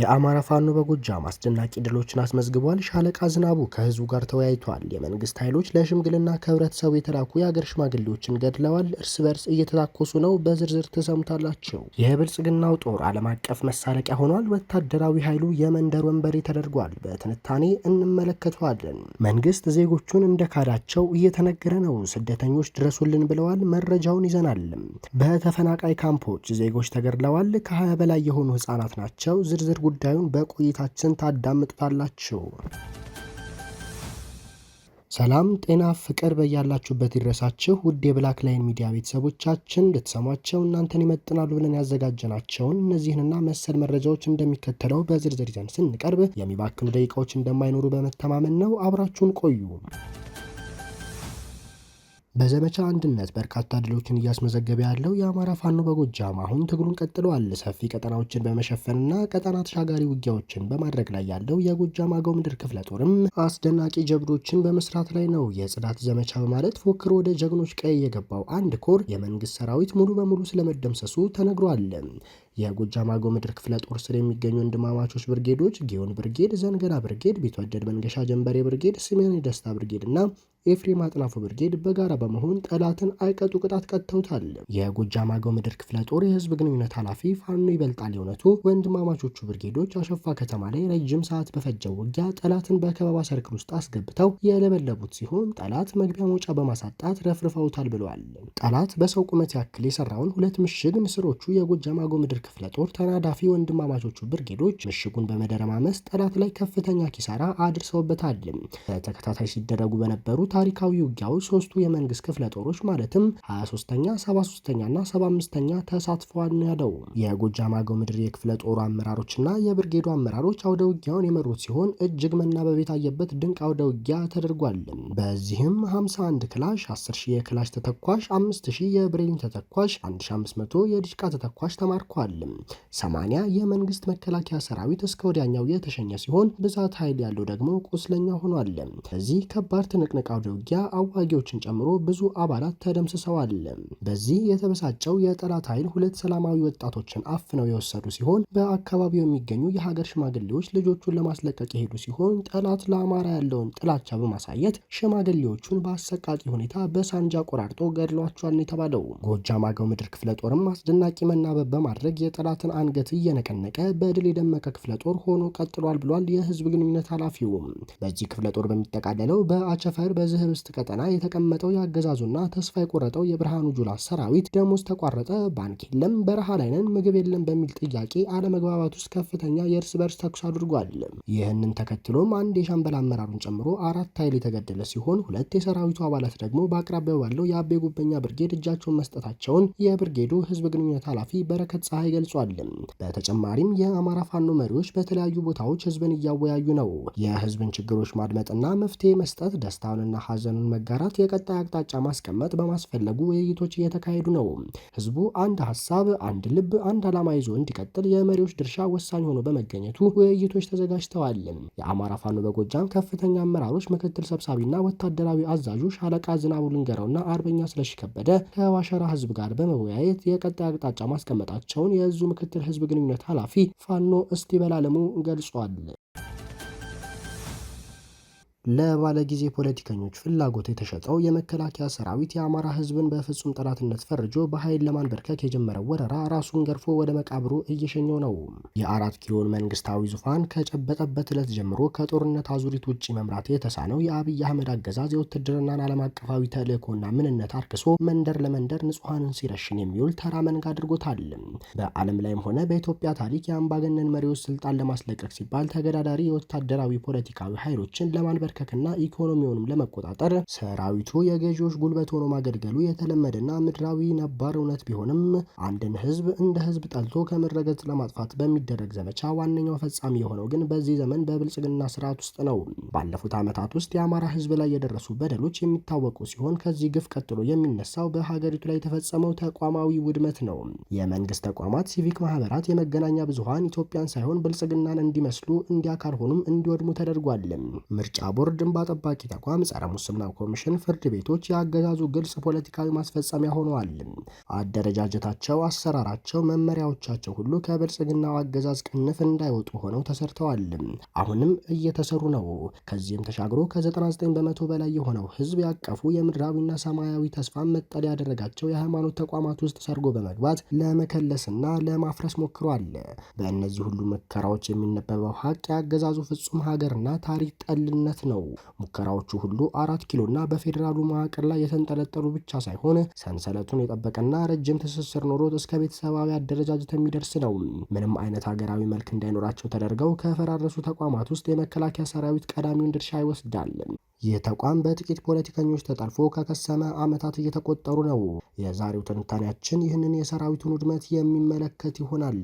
የአማራ ፋኖ በጎጃም አስደናቂ ድሎችን አስመዝግቧል። ሻለቃ ዝናቡ ከህዝቡ ጋር ተወያይቷል። የመንግስት ኃይሎች ለሽምግልና ከህብረተሰቡ የተላኩ የአገር ሽማግሌዎችን ገድለዋል። እርስ በርስ እየተታኮሱ ነው። በዝርዝር ተሰምታላቸው። የብልጽግናው ጦር ዓለም አቀፍ መሳለቂያ ሆኗል። ወታደራዊ ኃይሉ የመንደር ወንበሬ ተደርጓል። በትንታኔ እንመለከተዋለን። መንግስት ዜጎቹን እንደካዳቸው እየተነገረ ነው። ስደተኞች ድረሱልን ብለዋል። መረጃውን ይዘናል። በተፈናቃይ ካምፖች ዜጎች ተገድለዋል። ከሀያ በላይ የሆኑ ህጻናት ናቸው። ዝርዝር ጉዳዩን በቆይታችን ታዳምጡታላችሁ። ሰላም ጤና ፍቅር በያላችሁበት ይድረሳችሁ። ውድ የብላክ ላይን ሚዲያ ቤተሰቦቻችን ልትሰሟቸው እናንተን ይመጥናሉ ብለን ያዘጋጀናቸውን እነዚህንና መሰል መረጃዎች እንደሚከተለው በዝርዝር ይዘን ስንቀርብ የሚባክኑ ደቂቃዎች እንደማይኖሩ በመተማመን ነው። አብራችሁን ቆዩ። በዘመቻ አንድነት በርካታ ድሎችን እያስመዘገበ ያለው የአማራ ፋኖ በጎጃም አሁን ትግሉን ቀጥሏል። ሰፊ ቀጠናዎችን በመሸፈንና ቀጠና ተሻጋሪ ውጊያዎችን በማድረግ ላይ ያለው የጎጃም አገው ምድር ክፍለ ጦርም አስደናቂ ጀብዶችን በመስራት ላይ ነው። የጽዳት ዘመቻ በማለት ፎክር ወደ ጀግኖች ቀይ የገባው አንድ ኮር የመንግስት ሰራዊት ሙሉ በሙሉ ስለመደምሰሱ ተነግሯል። የጎጃም አገው ምድር ክፍለ ጦር ስር የሚገኙ ወንድማማቾች ብርጌዶች ጊዮን ብርጌድ፣ ዘንገና ብርጌድ፣ ቢትወደድ መንገሻ ጀንበሬ ብርጌድ፣ ስሜን ደስታ ብርጌድ እና ኤፍሬም አጥናፉ ብርጌድ በጋራ በመሆን ጠላትን አይቀጡ ቅጣት ቀጥተውታል። የጎጃም አገው ምድር ክፍለ ጦር የህዝብ ግንኙነት ኃላፊ ፋኖ ይበልጣል የእውነቱ ወንድማማቾቹ ብርጌዶች አሸፋ ከተማ ላይ ረጅም ሰዓት በፈጀው ውጊያ ጠላትን በከበባ ሰርክል ውስጥ አስገብተው የለበለቡት ሲሆን ጠላት መግቢያ መውጫ በማሳጣት ረፍርፈውታል ብለዋል። ጠላት በሰው ቁመት ያክል የሰራውን ሁለት ምሽግ ንስሮቹ የጎጃም አገው ምድር ክፍለ ጦር ተናዳፊ ወንድማማቾቹ ብርጌዶች ምሽጉን በመደረማመስ ጠላት ላይ ከፍተኛ ኪሳራ አድርሰውበታል። በተከታታይ ሲደረጉ በነበሩት ታሪካዊ ውጊያዎች ሶስቱ የመንግስት ክፍለ ጦሮች ማለትም 23ኛ፣ 73ኛ እና 75ኛ ተሳትፈዋል ያለው የጎጃም አገው ምድር የክፍለ ጦሩ አመራሮችና የብርጌዱ አመራሮች አውደ ውጊያውን የመሩት ሲሆን እጅግ መናበብ የታየበት ድንቅ አውደ ውጊያ ተደርጓል። በዚህም 51 ክላሽ፣ 10 የክላሽ ተተኳሽ፣ 5 የብሬን ተተኳሽ፣ 1500 የዲሽቃ ተተኳሽ ተማርኳል። 80 የመንግስት መከላከያ ሰራዊት እስከ ወዲያኛው የተሸኘ ሲሆን ብዛት ኃይል ያለው ደግሞ ቁስለኛ ሆኗል። በዚህ ከባድ ትንቅንቅ አውደ ውጊያ አዋጊዎችን ጨምሮ ብዙ አባላት ተደምስሰዋል። በዚህ የተበሳጨው የጠላት ኃይል ሁለት ሰላማዊ ወጣቶችን አፍነው የወሰዱ ሲሆን በአካባቢው የሚገኙ የሀገር ሽማግሌዎች ልጆቹን ለማስለቀቅ የሄዱ ሲሆን ጠላት ለአማራ ያለውን ጥላቻ በማሳየት ሽማግሌዎቹን በአሰቃቂ ሁኔታ በሳንጃ ቆራርጦ ገድሏቸዋል የተባለው። ጎጃም አገው ምድር ክፍለ ጦርም አስደናቂ መናበብ በማድረግ የጠላትን አንገት እየነቀነቀ በድል የደመቀ ክፍለ ጦር ሆኖ ቀጥሏል ብሏል የህዝብ ግንኙነት ኃላፊው። በዚህ ክፍለ ጦር በሚጠቃለለው በአቸፈር በዚህ ርስት ቀጠና የተቀመጠው የአገዛዙና ተስፋ የቆረጠው የብርሃኑ ጁላ ሰራዊት ደሞዝ ተቋረጠ፣ ባንክ የለም፣ በረሃ ላይ ነን፣ ምግብ የለም በሚል ጥያቄ አለመግባባት ውስጥ ከፍተኛ የእርስ በርስ ተኩስ አድርጓል። ይህንን ተከትሎም አንድ የሻምበል አመራሩን ጨምሮ አራት ኃይል የተገደለ ሲሆን ሁለት የሰራዊቱ አባላት ደግሞ በአቅራቢያው ባለው የአቤ ጉበኛ ብርጌድ እጃቸውን መስጠታቸውን የብርጌዱ ህዝብ ግንኙነት ኃላፊ በረከት ፀሐይ ገልጿል። በተጨማሪም የአማራ ፋኖ መሪዎች በተለያዩ ቦታዎች ህዝብን እያወያዩ ነው። የህዝብን ችግሮች ማድመጥና መፍትሄ መስጠት ደስታውንና ሀዘኑን መጋራት የቀጣይ አቅጣጫ ማስቀመጥ በማስፈለጉ ውይይቶች እየተካሄዱ ነው። ህዝቡ አንድ ሀሳብ፣ አንድ ልብ፣ አንድ ዓላማ ይዞ እንዲቀጥል የመሪዎች ድርሻ ወሳኝ ሆኖ በመገኘቱ ውይይቶች ተዘጋጅተዋል። የአማራ ፋኖ በጎጃም ከፍተኛ አመራሮች ምክትል ሰብሳቢና ወታደራዊ አዛዡ ሻለቃ ዝናቡ ልንገረውና አርበኛ ስለሺ ከበደ ከዋሸራ ህዝብ ጋር በመወያየት የቀጣይ አቅጣጫ ማስቀመጣቸውን የዙ ምክትል ህዝብ ግንኙነት ኃላፊ ፋኖ እስቲ በላለሙ ገልጿል። ለባለጊዜ ፖለቲከኞች ፍላጎት የተሸጠው የመከላከያ ሰራዊት የአማራ ህዝብን በፍጹም ጠላትነት ፈርጆ በኃይል ለማንበርከክ የጀመረው ወረራ ራሱን ገርፎ ወደ መቃብሩ እየሸኘው ነው። የአራት ኪሎን መንግስታዊ ዙፋን ከጨበጠበት ዕለት ጀምሮ ከጦርነት አዙሪት ውጭ መምራት የተሳነው የአብይ አህመድ አገዛዝ የውትድርናን ዓለም አቀፋዊ ተልእኮና ምንነት አርክሶ መንደር ለመንደር ንጹሐንን ሲረሽን የሚውል ተራ መንጋ አድርጎታል። በዓለም ላይም ሆነ በኢትዮጵያ ታሪክ የአምባገነን መሪዎች ስልጣን ለማስለቀቅ ሲባል ተገዳዳሪ የወታደራዊ ፖለቲካዊ ኃይሎችን ለማንበርከ ለማንበርከክና ኢኮኖሚውንም ለመቆጣጠር ሰራዊቱ የገዢዎች ጉልበት ሆኖ ማገልገሉ የተለመደና ምድራዊ ነባር እውነት ቢሆንም አንድን ህዝብ እንደ ህዝብ ጠልቶ ከምድረ ለማጥፋት በሚደረግ ዘመቻ ዋነኛው ፈጻሚ የሆነው ግን በዚህ ዘመን በብልጽግና ስርዓት ውስጥ ነው። ባለፉት ዓመታት ውስጥ የአማራ ህዝብ ላይ የደረሱ በደሎች የሚታወቁ ሲሆን ከዚህ ግፍ ቀጥሎ የሚነሳው በሀገሪቱ ላይ የተፈጸመው ተቋማዊ ውድመት ነው። የመንግስት ተቋማት፣ ሲቪክ ማህበራት፣ የመገናኛ ብዙሀን ኢትዮጵያን ሳይሆን ብልጽግናን እንዲመስሉ እንዲያ ካልሆኑም እንዲወድሙ ተደርጓል። ምርጫ ቦርድ ቦርድ፣ እንባ ጠባቂ ተቋም፣ ጸረ ሙስና ኮሚሽን፣ ፍርድ ቤቶች የአገዛዙ ግልጽ ፖለቲካዊ ማስፈጸሚያ ሆነዋል። አደረጃጀታቸው፣ አሰራራቸው፣ መመሪያዎቻቸው ሁሉ ከብልጽግናው አገዛዝ ቅንፍ እንዳይወጡ ሆነው ተሰርተዋል። አሁንም እየተሰሩ ነው። ከዚህም ተሻግሮ ከ99 በመቶ በላይ የሆነው ህዝብ ያቀፉ የምድራዊና ሰማያዊ ተስፋ መጠለያ ያደረጋቸው የሃይማኖት ተቋማት ውስጥ ሰርጎ በመግባት ለመከለስና ለማፍረስ ሞክሯል። በእነዚህ ሁሉ መከራዎች የሚነበበው ሀቅ የአገዛዙ ፍጹም ሀገርና ታሪክ ጠልነት ነው። ሙከራዎቹ ሁሉ አራት ኪሎና በፌዴራሉ መዋቅር ላይ የተንጠለጠሉ ብቻ ሳይሆን ሰንሰለቱን የጠበቀና ረጅም ትስስር ኖሮት እስከ ቤተሰባዊ አደረጃጀት የሚደርስ ነው። ምንም አይነት ሀገራዊ መልክ እንዳይኖራቸው ተደርገው ከፈራረሱ ተቋማት ውስጥ የመከላከያ ሰራዊት ቀዳሚውን ድርሻ ይወስዳል። ይህ ተቋም በጥቂት ፖለቲከኞች ተጠልፎ ከከሰመ ዓመታት እየተቆጠሩ ነው። የዛሬው ትንታኔያችን ይህንን የሰራዊቱን ውድመት የሚመለከት ይሆናል።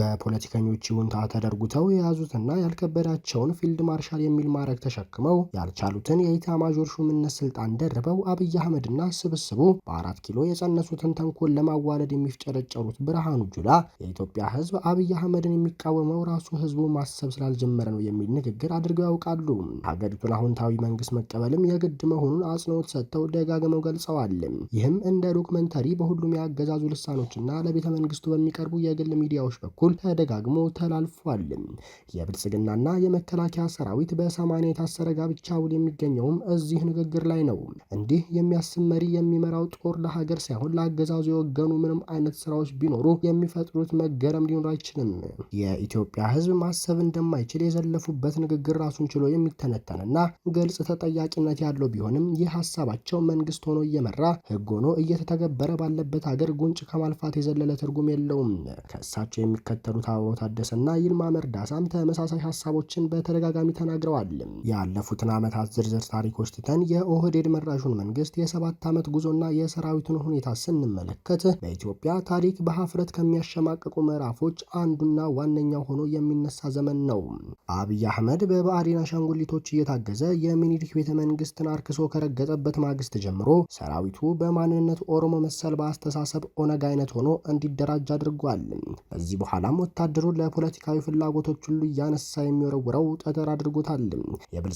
በፖለቲከኞች ይሁንታ ተደርጉተው የያዙትና ያልከበዳቸውን ፊልድ ማርሻል የሚል ማዕረግ ተሸክ ተሸክመው ያልቻሉትን የኢታማዦር ሹምነት ስልጣን ደርበው አብይ አህመድና ስብስቡ በአራት ኪሎ የጸነሱትን ተንኮል ለማዋለድ የሚፍጨረጨሩት ብርሃኑ ጁላ የኢትዮጵያ ሕዝብ አብይ አህመድን የሚቃወመው ራሱ ህዝቡ ማሰብ ስላልጀመረ ነው የሚል ንግግር አድርገው ያውቃሉ። ሀገሪቱን አሁንታዊ መንግስት መቀበልም የግድ መሆኑን አጽንኦት ሰጥተው ደጋግመው ገልጸዋል። ይህም እንደ ዶክመንተሪ በሁሉም የአገዛዙ ልሳኖችና ለቤተ መንግስቱ በሚቀርቡ የግል ሚዲያዎች በኩል ተደጋግሞ ተላልፏል። የብልጽግናና የመከላከያ ሰራዊት በሰማንያ የታሰ ጋብቻ ውል የሚገኘውም እዚህ ንግግር ላይ ነው። እንዲህ የሚያስብ መሪ የሚመራው ጦር ለሀገር ሳይሆን ለአገዛዙ የወገኑ ምንም አይነት ስራዎች ቢኖሩ የሚፈጥሩት መገረም ሊኖር አይችልም። የኢትዮጵያ ህዝብ ማሰብ እንደማይችል የዘለፉበት ንግግር ራሱን ችሎ የሚተነተንና ግልጽ ተጠያቂነት ያለው ቢሆንም ይህ ሀሳባቸው መንግስት ሆኖ እየመራ ህግ ሆኖ እየተተገበረ ባለበት ሀገር ጉንጭ ከማልፋት የዘለለ ትርጉም የለውም። ከእሳቸው የሚከተሉት አበባው ታደሰና ይልማ መርዳሳም ተመሳሳይ ሀሳቦችን በተደጋጋሚ ተናግረዋል። ያለፉትን ዓመታት ዝርዝር ታሪኮች ትተን የኦህዴድ መራሹን መንግስት የሰባት ዓመት ጉዞና የሰራዊቱን ሁኔታ ስንመለከት በኢትዮጵያ ታሪክ በሀፍረት ከሚያሸማቅቁ ምዕራፎች አንዱና ዋነኛው ሆኖ የሚነሳ ዘመን ነው። አብይ አህመድ በብአዴን አሻንጉሊቶች እየታገዘ የሚኒሊክ ቤተ መንግስትን አርክሶ ከረገጠበት ማግስት ጀምሮ ሰራዊቱ በማንነት ኦሮሞ መሰል በአስተሳሰብ ኦነግ አይነት ሆኖ እንዲደራጅ አድርጓል። ከዚህ በኋላም ወታደሩ ለፖለቲካዊ ፍላጎቶች ሁሉ እያነሳ የሚወረውረው ጠጠር አድርጎታል።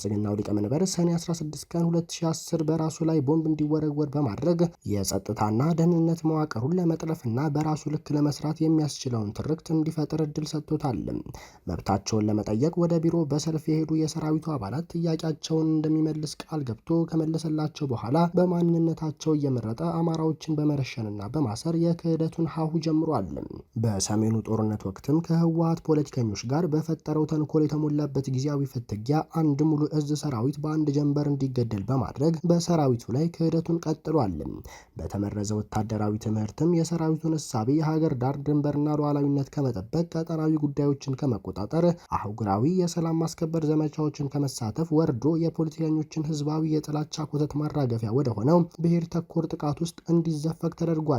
የብልጽግናው ሊቀመንበር ሰኔ 16 ቀን 2010 በራሱ ላይ ቦምብ እንዲወረወር በማድረግ የጸጥታና ደህንነት መዋቅሩን ለመጥለፍና በራሱ ልክ ለመስራት የሚያስችለውን ትርክት እንዲፈጥር እድል ሰጥቶታል። መብታቸውን ለመጠየቅ ወደ ቢሮ በሰልፍ የሄዱ የሰራዊቱ አባላት ጥያቄያቸውን እንደሚመልስ ቃል ገብቶ ከመለሰላቸው በኋላ በማንነታቸው እየመረጠ አማራዎችን በመረሸንና በማሰር የክህደቱን ሀሁ ጀምሯል። በሰሜኑ ጦርነት ወቅትም ከህወሀት ፖለቲከኞች ጋር በፈጠረው ተንኮል የተሞላበት ጊዜያዊ ፍትጊያ አንድ ሙሉ እዝ ሰራዊት በአንድ ጀንበር እንዲገደል በማድረግ በሰራዊቱ ላይ ክህደቱን ቀጥሏል። በተመረዘ ወታደራዊ ትምህርትም የሰራዊቱን እሳቤ የሀገር ዳር ድንበርና ሉዓላዊነት ከመጠበቅ፣ ቀጠናዊ ጉዳዮችን ከመቆጣጠር፣ አህጉራዊ የሰላም ማስከበር ዘመቻዎችን ከመሳተፍ ወርዶ የፖለቲከኞችን ህዝባዊ የጥላቻ ኮተት ማራገፊያ ወደሆነው ብሔር ተኮር ጥቃት ውስጥ እንዲዘፈቅ ተደርጓል።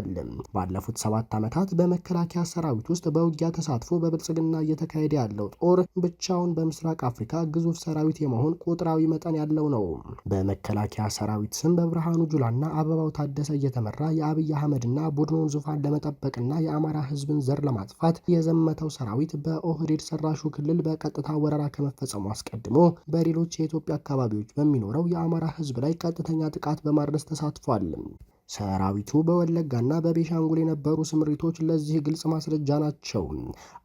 ባለፉት ሰባት ዓመታት በመከላከያ ሰራዊት ውስጥ በውጊያ ተሳትፎ በብልጽግና እየተካሄደ ያለው ጦር ብቻውን በምስራቅ አፍሪካ ግዙፍ ሰራዊት የመሆን ቁጥራዊ መጠን ያለው ነው። በመከላከያ ሰራዊት ስም በብርሃኑ ጁላና አበባው ታደሰ እየተመራ የአብይ አህመድና ቡድኑን ዙፋን ለመጠበቅና የአማራ ህዝብን ዘር ለማጥፋት የዘመተው ሰራዊት በኦህዴድ ሰራሹ ክልል በቀጥታ ወረራ ከመፈጸሙ አስቀድሞ በሌሎች የኢትዮጵያ አካባቢዎች በሚኖረው የአማራ ህዝብ ላይ ቀጥተኛ ጥቃት በማድረስ ተሳትፏል። ሰራዊቱ በወለጋና በቤሻንጉል የነበሩ ስምሪቶች ለዚህ ግልጽ ማስረጃ ናቸው።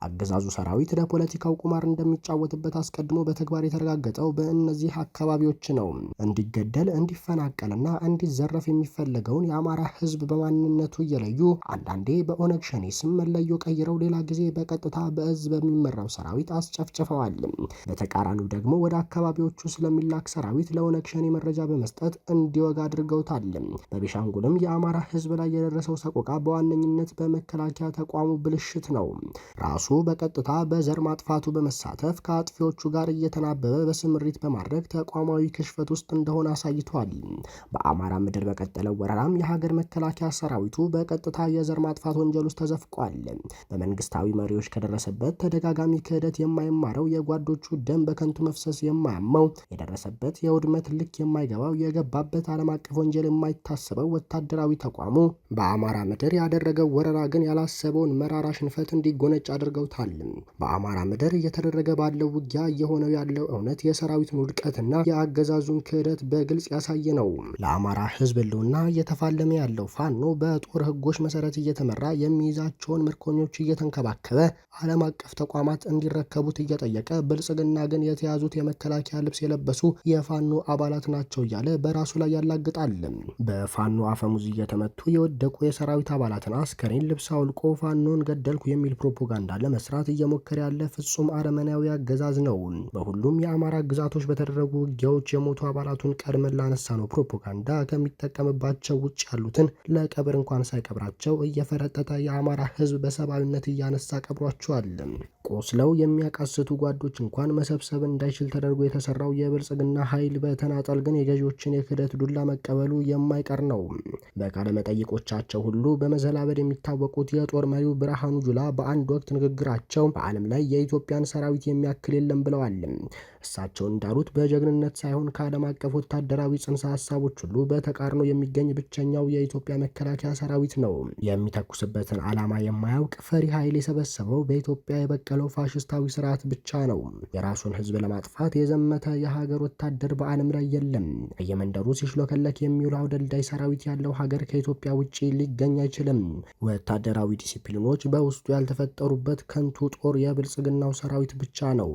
አገዛዙ ሰራዊት ለፖለቲካው ቁማር እንደሚጫወትበት አስቀድሞ በተግባር የተረጋገጠው በእነዚህ አካባቢዎች ነው። እንዲገደል፣ እንዲፈናቀልና እንዲዘረፍ የሚፈለገውን የአማራ ሕዝብ በማንነቱ እየለዩ አንዳንዴ በኦነግ ሸኔ ስም መለዮ ቀይረው፣ ሌላ ጊዜ በቀጥታ በእዝ በሚመራው ሰራዊት አስጨፍጭፈዋል። በተቃራኒው ደግሞ ወደ አካባቢዎቹ ስለሚላክ ሰራዊት ለኦነግ ሸኔ መረጃ በመስጠት እንዲወጋ አድርገውታል። በቤሻንጉል ቢሆንም የአማራ ህዝብ ላይ የደረሰው ሰቆቃ በዋነኝነት በመከላከያ ተቋሙ ብልሽት ነው። ራሱ በቀጥታ በዘር ማጥፋቱ በመሳተፍ ከአጥፊዎቹ ጋር እየተናበበ በስምሪት በማድረግ ተቋማዊ ክሽፈት ውስጥ እንደሆነ አሳይቷል። በአማራ ምድር በቀጠለው ወረራም የሀገር መከላከያ ሰራዊቱ በቀጥታ የዘር ማጥፋት ወንጀል ውስጥ ተዘፍቋል። በመንግስታዊ መሪዎች ከደረሰበት ተደጋጋሚ ክህደት የማይማረው የጓዶቹ ደም በከንቱ መፍሰስ የማያመው የደረሰበት የውድመት ልክ የማይገባው የገባበት ዓለም አቀፍ ወንጀል የማይታሰበው ወታ ወታደራዊ ተቋሙ በአማራ ምድር ያደረገው ወረራ ግን ያላሰበውን መራራ ሽንፈት እንዲጎነጭ አድርገውታል። በአማራ ምድር እየተደረገ ባለው ውጊያ እየሆነው ያለው እውነት የሰራዊቱን ውድቀትና የአገዛዙን ክህደት በግልጽ ያሳየ ነው። ለአማራ ህዝብ ሕልውና እየተፋለመ ያለው ፋኖ በጦር ህጎች መሰረት እየተመራ የሚይዛቸውን ምርኮኞች እየተንከባከበ ዓለም አቀፍ ተቋማት እንዲረከቡት እየጠየቀ ብልጽግና ግን የተያዙት የመከላከያ ልብስ የለበሱ የፋኖ አባላት ናቸው እያለ በራሱ ላይ ያላግጣል። በፋኖ አፈ በሙዝ እየተመቱ የወደቁ የሰራዊት አባላትን አስከሬን ልብስ አውልቆ ፋኖን ገደልኩ የሚል ፕሮፓጋንዳ ለመስራት እየሞከረ ያለ ፍጹም አረመናዊ አገዛዝ ነው። በሁሉም የአማራ ግዛቶች በተደረጉ ውጊያዎች የሞቱ አባላቱን ቀድመን ላነሳ ነው ፕሮፓጋንዳ ከሚጠቀምባቸው ውጭ ያሉትን ለቀብር እንኳን ሳይቀብራቸው እየፈረጠጠ የአማራ ህዝብ በሰብአዊነት እያነሳ ቀብሯቸዋል። ቆስለው የሚያቃስቱ ጓዶች እንኳን መሰብሰብ እንዳይችል ተደርጎ የተሰራው የብልጽግና ኃይል በተናጠል ግን የገዢዎችን የክህደት ዱላ መቀበሉ የማይቀር ነው። በቃለመጠይቆቻቸው ሁሉ በመዘላበድ የሚታወቁት የጦር መሪው ብርሃኑ ጁላ በአንድ ወቅት ንግግራቸው በዓለም ላይ የኢትዮጵያን ሰራዊት የሚያክል የለም ብለዋል። እሳቸው እንዳሉት በጀግንነት ሳይሆን ከዓለም አቀፍ ወታደራዊ ጽንሰ ሀሳቦች ሁሉ በተቃርኖ የሚገኝ ብቸኛው የኢትዮጵያ መከላከያ ሰራዊት ነው። የሚተኩስበትን ዓላማ የማያውቅ ፈሪ ኃይል የሰበሰበው በኢትዮጵያ የበቀለው ፋሽስታዊ ስርዓት ብቻ ነው። የራሱን ህዝብ ለማጥፋት የዘመተ የሀገር ወታደር በዓለም ላይ የለም። በየመንደሩ ሲሽሎከለክ የሚውል አውደልዳይ ሰራዊት ያለው ሀገር ከኢትዮጵያ ውጭ ሊገኝ አይችልም። ወታደራዊ ዲሲፕሊኖች በውስጡ ያልተፈጠሩበት ከንቱ ጦር የብልጽግናው ሰራዊት ብቻ ነው።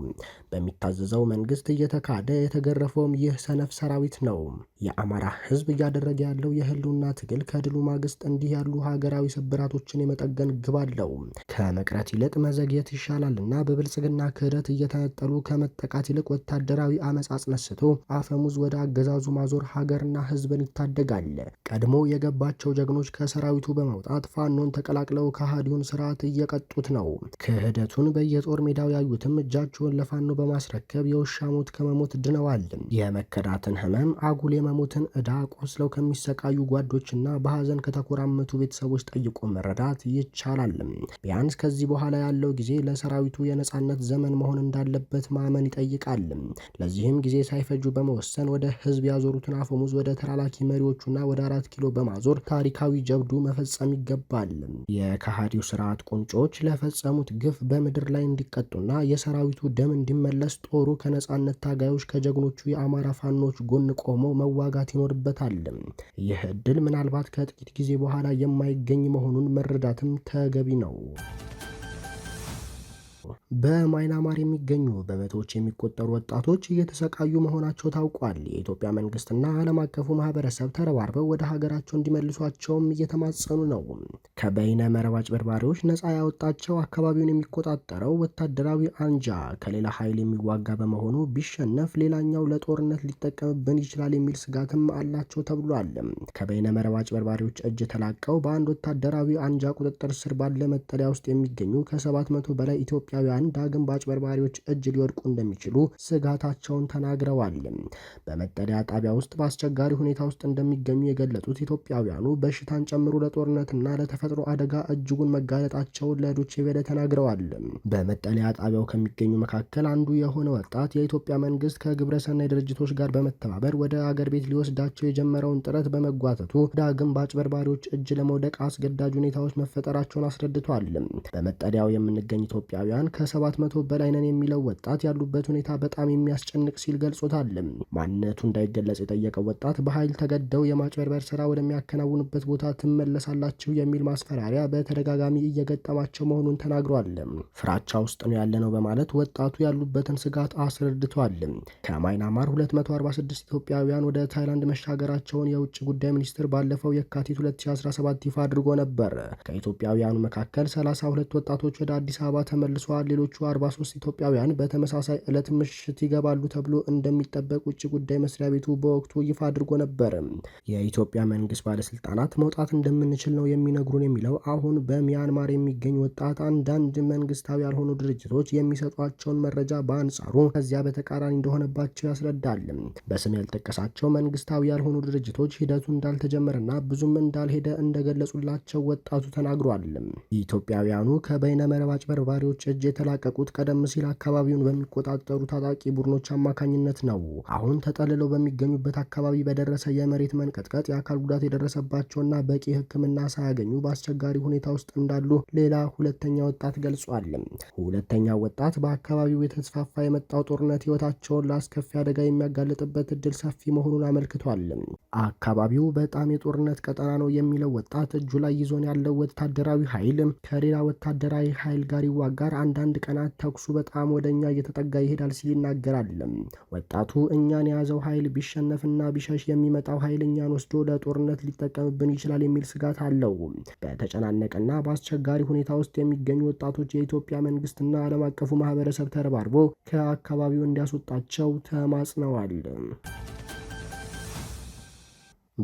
በሚታዘዘው መንግስት እየተካደ የተገረፈውም ይህ ሰነፍ ሰራዊት ነው። የአማራ ህዝብ እያደረገ ያለው የህልውና ትግል ከድሉ ማግስት እንዲህ ያሉ ሀገራዊ ስብራቶችን የመጠገን ግብ አለው። ከመቅረት ይልቅ መዘግየት ይሻላልና በብልጽግና ክህደት እየተነጠሉ ከመጠቃት ይልቅ ወታደራዊ አመፅ አስነስቶ አፈሙዝ ወደ አገዛዙ ማዞር ሀገርና ህዝብን ይታደጋል። ቀድሞ የገባቸው ጀግኖች ከሰራዊቱ በመውጣት ፋኖን ተቀላቅለው ከሃዲውን ስርዓት እየቀጡት ነው። ክህደቱን በየጦር ሜዳው ያዩትም እጃቸውን ለፋኖ በማስረከብ በውሻ ሞት ከመሞት ድነዋል። የመከዳትን ህመም፣ አጉል የመሞትን እዳ ቆስለው ከሚሰቃዩ ጓዶችና በሐዘን ከተኮራመቱ ቤተሰቦች ጠይቆ መረዳት ይቻላል። ቢያንስ ከዚህ በኋላ ያለው ጊዜ ለሰራዊቱ የነጻነት ዘመን መሆን እንዳለበት ማመን ይጠይቃል። ለዚህም ጊዜ ሳይፈጁ በመወሰን ወደ ህዝብ ያዞሩትን አፈሙዝ ወደ ተላላኪ መሪዎቹና ወደ አራት ኪሎ በማዞር ታሪካዊ ጀብዱ መፈጸም ይገባል። የካሃዲው ስርዓት ቁንጮች ለፈጸሙት ግፍ በምድር ላይ እንዲቀጡና የሰራዊቱ ደም እንዲመለስ ጦሩ ከነ ነጻነት ታጋዮች ከጀግኖቹ የአማራ ፋኖች ጎን ቆመው መዋጋት ይኖርበታል። ይህ እድል ምናልባት ከጥቂት ጊዜ በኋላ የማይገኝ መሆኑን መረዳትም ተገቢ ነው። በማይናማር የሚገኙ በመቶዎች የሚቆጠሩ ወጣቶች እየተሰቃዩ መሆናቸው ታውቋል። የኢትዮጵያ መንግስትና ዓለም አቀፉ ማህበረሰብ ተረባርበው ወደ ሀገራቸው እንዲመልሷቸውም እየተማጸኑ ነው። ከበይነ መረብ አጭበርባሪዎች ነጻ ያወጣቸው አካባቢውን የሚቆጣጠረው ወታደራዊ አንጃ ከሌላ ኃይል የሚዋጋ በመሆኑ ቢሸነፍ ሌላኛው ለጦርነት ሊጠቀምብን ይችላል የሚል ስጋትም አላቸው ተብሏል። ከበይነ መረብ አጭበርባሪዎች እጅ ተላቀው በአንድ ወታደራዊ አንጃ ቁጥጥር ስር ባለ መጠለያ ውስጥ የሚገኙ ከሰባት መቶ በላይ ኢትዮጵያውያን ቀን ዳግም በአጭበርባሪዎች እጅ ሊወድቁ እንደሚችሉ ስጋታቸውን ተናግረዋል። በመጠለያ ጣቢያ ውስጥ በአስቸጋሪ ሁኔታ ውስጥ እንደሚገኙ የገለጹት ኢትዮጵያውያኑ በሽታን ጨምሮ ለጦርነትና ለተፈጥሮ አደጋ እጅጉን መጋለጣቸውን ለዶቼ ቬለ ተናግረዋል። በመጠለያ ጣቢያው ከሚገኙ መካከል አንዱ የሆነ ወጣት የኢትዮጵያ መንግስት ከግብረሰናይ ድርጅቶች ጋር በመተባበር ወደ አገር ቤት ሊወስዳቸው የጀመረውን ጥረት በመጓተቱ ዳግም በአጭበርባሪዎች እጅ ለመውደቅ አስገዳጅ ሁኔታዎች መፈጠራቸውን አስረድቷል። በመጠለያው የምንገኝ ኢትዮጵያውያን ከሰ ከሰባት መቶ በላይ ነን የሚለው ወጣት ያሉበት ሁኔታ በጣም የሚያስጨንቅ ሲል ገልጾታል። ማንነቱ እንዳይገለጽ የጠየቀው ወጣት በኃይል ተገደው የማጭበርበር ስራ ወደሚያከናውኑበት ቦታ ትመለሳላችሁ የሚል ማስፈራሪያ በተደጋጋሚ እየገጠማቸው መሆኑን ተናግሯል። ፍራቻ ውስጥ ነው ያለነው በማለት ወጣቱ ያሉበትን ስጋት አስረድቷል። ከማይናማር 246 ኢትዮጵያውያን ወደ ታይላንድ መሻገራቸውን የውጭ ጉዳይ ሚኒስትር ባለፈው የካቲት 2017 ይፋ አድርጎ ነበር። ከኢትዮጵያውያኑ መካከል 32 ወጣቶች ወደ አዲስ አበባ ተመልሰዋል። ሌሎች ሌሎቹ 43 ኢትዮጵያውያን በተመሳሳይ ዕለት ምሽት ይገባሉ ተብሎ እንደሚጠበቅ ውጭ ጉዳይ መስሪያ ቤቱ በወቅቱ ይፋ አድርጎ ነበር። የኢትዮጵያ መንግስት ባለስልጣናት መውጣት እንደምንችል ነው የሚነግሩን የሚለው አሁን በሚያንማር የሚገኝ ወጣት አንዳንድ መንግስታዊ ያልሆኑ ድርጅቶች የሚሰጧቸውን መረጃ በአንጻሩ ከዚያ በተቃራኒ እንደሆነባቸው ያስረዳል። በስም ያልጠቀሳቸው መንግስታዊ ያልሆኑ ድርጅቶች ሂደቱ እንዳልተጀመረና ብዙም እንዳልሄደ እንደገለጹላቸው ወጣቱ ተናግሯል። ኢትዮጵያውያኑ ከበይነመረብ አጭበርባሪዎች እጅ የተላ የተጠናቀቁት ቀደም ሲል አካባቢውን በሚቆጣጠሩ ታጣቂ ቡድኖች አማካኝነት ነው። አሁን ተጠልለው በሚገኙበት አካባቢ በደረሰ የመሬት መንቀጥቀጥ የአካል ጉዳት የደረሰባቸውና በቂ ሕክምና ሳያገኙ በአስቸጋሪ ሁኔታ ውስጥ እንዳሉ ሌላ ሁለተኛ ወጣት ገልጿል። ሁለተኛ ወጣት በአካባቢው የተስፋፋ የመጣው ጦርነት ህይወታቸውን ለአስከፊ አደጋ የሚያጋልጥበት እድል ሰፊ መሆኑን አመልክቷል። አካባቢው በጣም የጦርነት ቀጠና ነው የሚለው ወጣት እጁ ላይ ይዞን ያለው ወታደራዊ ኃይል ከሌላ ወታደራዊ ኃይል ጋር ይዋጋር፣ አንዳንድ ቀናት ተኩሱ በጣም ወደ እኛ እየተጠጋ ይሄዳል ሲል ይናገራል። ወጣቱ እኛን የያዘው ኃይል ቢሸነፍና ቢሸሽ የሚመጣው ኃይል እኛን ወስዶ ለጦርነት ሊጠቀምብን ይችላል የሚል ስጋት አለው። በተጨናነቀና በአስቸጋሪ ሁኔታ ውስጥ የሚገኙ ወጣቶች የኢትዮጵያ መንግስትና ዓለም አቀፉ ማህበረሰብ ተረባርቦ ከአካባቢው እንዲያስወጣቸው ተማጽነዋል።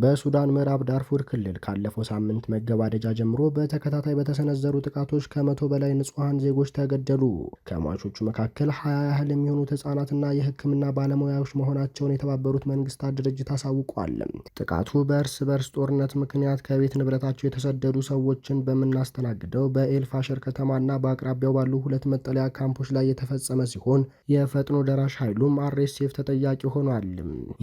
በሱዳን ምዕራብ ዳርፉር ክልል ካለፈው ሳምንት መገባደጃ ጀምሮ በተከታታይ በተሰነዘሩ ጥቃቶች ከመቶ በላይ ንጹሐን ዜጎች ተገደሉ። ከሟቾቹ መካከል ሀያ ያህል የሚሆኑት ህጻናትና የሕክምና ባለሙያዎች መሆናቸውን የተባበሩት መንግስታት ድርጅት አሳውቋል። ጥቃቱ በእርስ በርስ ጦርነት ምክንያት ከቤት ንብረታቸው የተሰደዱ ሰዎችን በምናስተናግደው በኤልፋሸር ከተማና በአቅራቢያው ባሉ ሁለት መጠለያ ካምፖች ላይ የተፈጸመ ሲሆን የፈጥኖ ደራሽ ኃይሉም አሬሴፍ ተጠያቂ ሆኗል።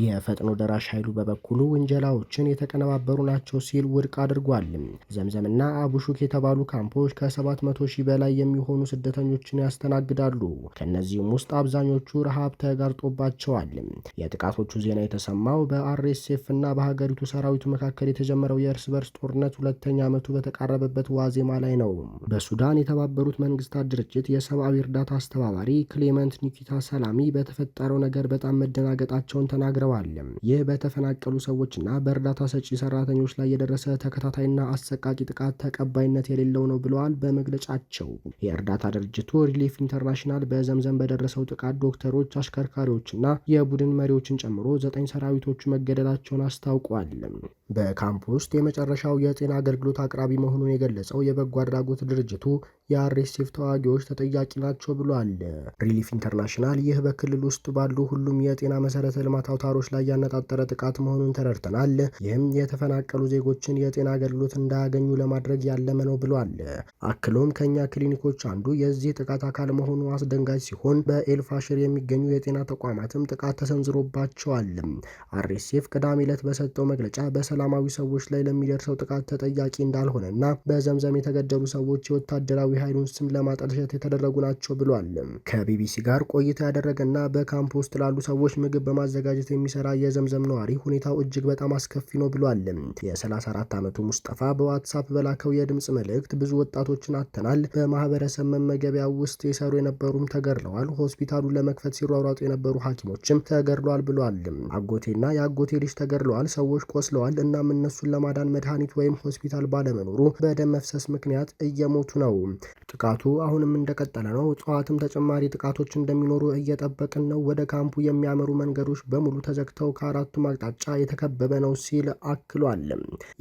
የፈጥኖ ደራሽ ኃይሉ በበኩሉ ውንጀላው ውጊያዎችን የተቀነባበሩ ናቸው ሲል ውድቅ አድርጓል። ዘምዘምና አቡሹክ የተባሉ ካምፖች ከ700 ሺህ በላይ የሚሆኑ ስደተኞችን ያስተናግዳሉ። ከእነዚህም ውስጥ አብዛኞቹ ረሃብ ተጋርጦባቸዋል። የጥቃቶቹ ዜና የተሰማው በአርኤስኤፍ እና በሀገሪቱ ሰራዊቱ መካከል የተጀመረው የእርስ በርስ ጦርነት ሁለተኛ ዓመቱ በተቃረበበት ዋዜማ ላይ ነው። በሱዳን የተባበሩት መንግስታት ድርጅት የሰብአዊ እርዳታ አስተባባሪ ክሌመንት ኒኪታ ሰላሚ በተፈጠረው ነገር በጣም መደናገጣቸውን ተናግረዋል። ይህ በተፈናቀሉ ሰዎችና በእርዳታ ሰጪ ሰራተኞች ላይ የደረሰ ተከታታይና አሰቃቂ ጥቃት ተቀባይነት የሌለው ነው ብለዋል በመግለጫቸው። የእርዳታ ድርጅቱ ሪሊፍ ኢንተርናሽናል በዘምዘም በደረሰው ጥቃት ዶክተሮች፣ አሽከርካሪዎችና የቡድን መሪዎችን ጨምሮ ዘጠኝ ሰራዊቶቹ መገደላቸውን አስታውቋል። በካምፕ ውስጥ የመጨረሻው የጤና አገልግሎት አቅራቢ መሆኑን የገለጸው የበጎ አድራጎት ድርጅቱ የአርኤስኤፍ ተዋጊዎች ተጠያቂ ናቸው ብሏል። ሪሊፍ ኢንተርናሽናል ይህ በክልል ውስጥ ባሉ ሁሉም የጤና መሰረተ ልማት አውታሮች ላይ ያነጣጠረ ጥቃት መሆኑን ተረድተናል። ይህም የተፈናቀሉ ዜጎችን የጤና አገልግሎት እንዳያገኙ ለማድረግ ያለመ ነው ብሏል። አክሎም ከኛ ክሊኒኮች አንዱ የዚህ ጥቃት አካል መሆኑ አስደንጋጭ ሲሆን በኤልፋሽር የሚገኙ የጤና ተቋማትም ጥቃት ተሰንዝሮባቸዋል። አርኤስኤፍ ቅዳሜ ዕለት በሰጠው መግለጫ በሰላማዊ ሰዎች ላይ ለሚደርሰው ጥቃት ተጠያቂ እንዳልሆነና በዘምዘም የተገደሉ ሰዎች የወታደራዊ ኃይሉን ስም ለማጠልሸት የተደረጉ ናቸው ብሏል። ከቢቢሲ ጋር ቆይታ ያደረገና በካምፕ ውስጥ ላሉ ሰዎች ምግብ በማዘጋጀት የሚሰራ የዘምዘም ነዋሪ ሁኔታው እጅግ በጣም አስከፊ ነው ብሏል። የ34 ዓመቱ ሙስጠፋ በዋትሳፕ በላከው የድምፅ መልእክት ብዙ ወጣቶችን አተናል። በማህበረሰብ መመገቢያ ውስጥ የሰሩ የነበሩም ተገድለዋል። ሆስፒታሉን ለመክፈት ሲሯሯጡ የነበሩ ሐኪሞችም ተገድለዋል ብሏል። አጎቴና የአጎቴ ልጅ ተገድለዋል። ሰዎች ቆስለዋል። እናም እነሱን ለማዳን መድኃኒት ወይም ሆስፒታል ባለመኖሩ በደም መፍሰስ ምክንያት እየሞቱ ነው። ጥቃቱ አሁንም እንደቀጠለ ነው። ጠዋትም ተጨማሪ ጥቃቶች እንደሚኖሩ እየጠበቅን ነው። ወደ ካምፑ የሚያመሩ መንገዶች በሙሉ ተዘግተው ከአራቱም አቅጣጫ የተከበበ ነው ሲል አክሏል።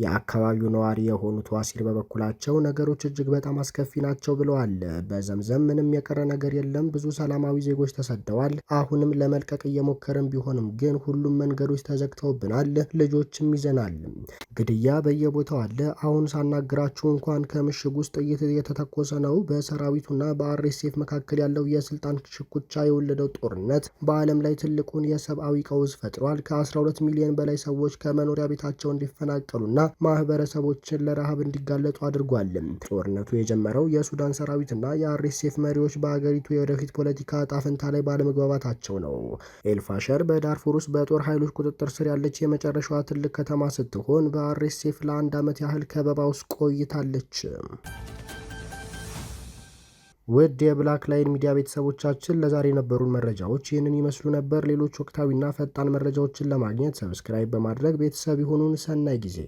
የአካባቢው ነዋሪ የሆኑት ዋሲል በበኩላቸው ነገሮች እጅግ በጣም አስከፊ ናቸው ብለዋል። በዘምዘም ምንም የቀረ ነገር የለም። ብዙ ሰላማዊ ዜጎች ተሰደዋል። አሁንም ለመልቀቅ እየሞከርን ቢሆንም ግን ሁሉም መንገዶች ተዘግተውብናል። ልጆችም ይዘናል። ግድያ በየቦታው አለ። አሁን ሳናግራችሁ እንኳን ከምሽግ ውስጥ እየተተኮሰ ነው። በሰራዊቱና በአርኤስኤፍ መካከል ያለው የስልጣን ሽኩቻ የወለደው ጦርነት በዓለም ላይ ትልቁን የሰብአዊ ቀውስ ፈጥሯል። ከ12 ሚሊዮን በላይ ሰዎች ከመኖሪያ ቤታቸው እንዲፈናቀሉና ማህበረሰቦችን ለረሃብ እንዲጋለጡ አድርጓል። ጦርነቱ የጀመረው የሱዳን ሰራዊትና የአርኤስኤፍ መሪዎች በአገሪቱ የወደፊት ፖለቲካ እጣ ፈንታ ላይ ባለመግባባታቸው ነው። ኤልፋሸር በዳርፉር ውስጥ በጦር ኃይሎች ቁጥጥር ስር ያለች የመጨረሻዋ ትልቅ ከተማ ስትሆን በአርኤስኤፍ ለአንድ ዓመት ያህል ከበባ ውስጥ ቆይታለች። ውድ የብላክ ላይን ሚዲያ ቤተሰቦቻችን ለዛሬ የነበሩን መረጃዎች ይህንን ይመስሉ ነበር። ሌሎች ወቅታዊና ፈጣን መረጃዎችን ለማግኘት ሰብስክራይብ በማድረግ ቤተሰብ ይሁኑን። ሰናይ ጊዜ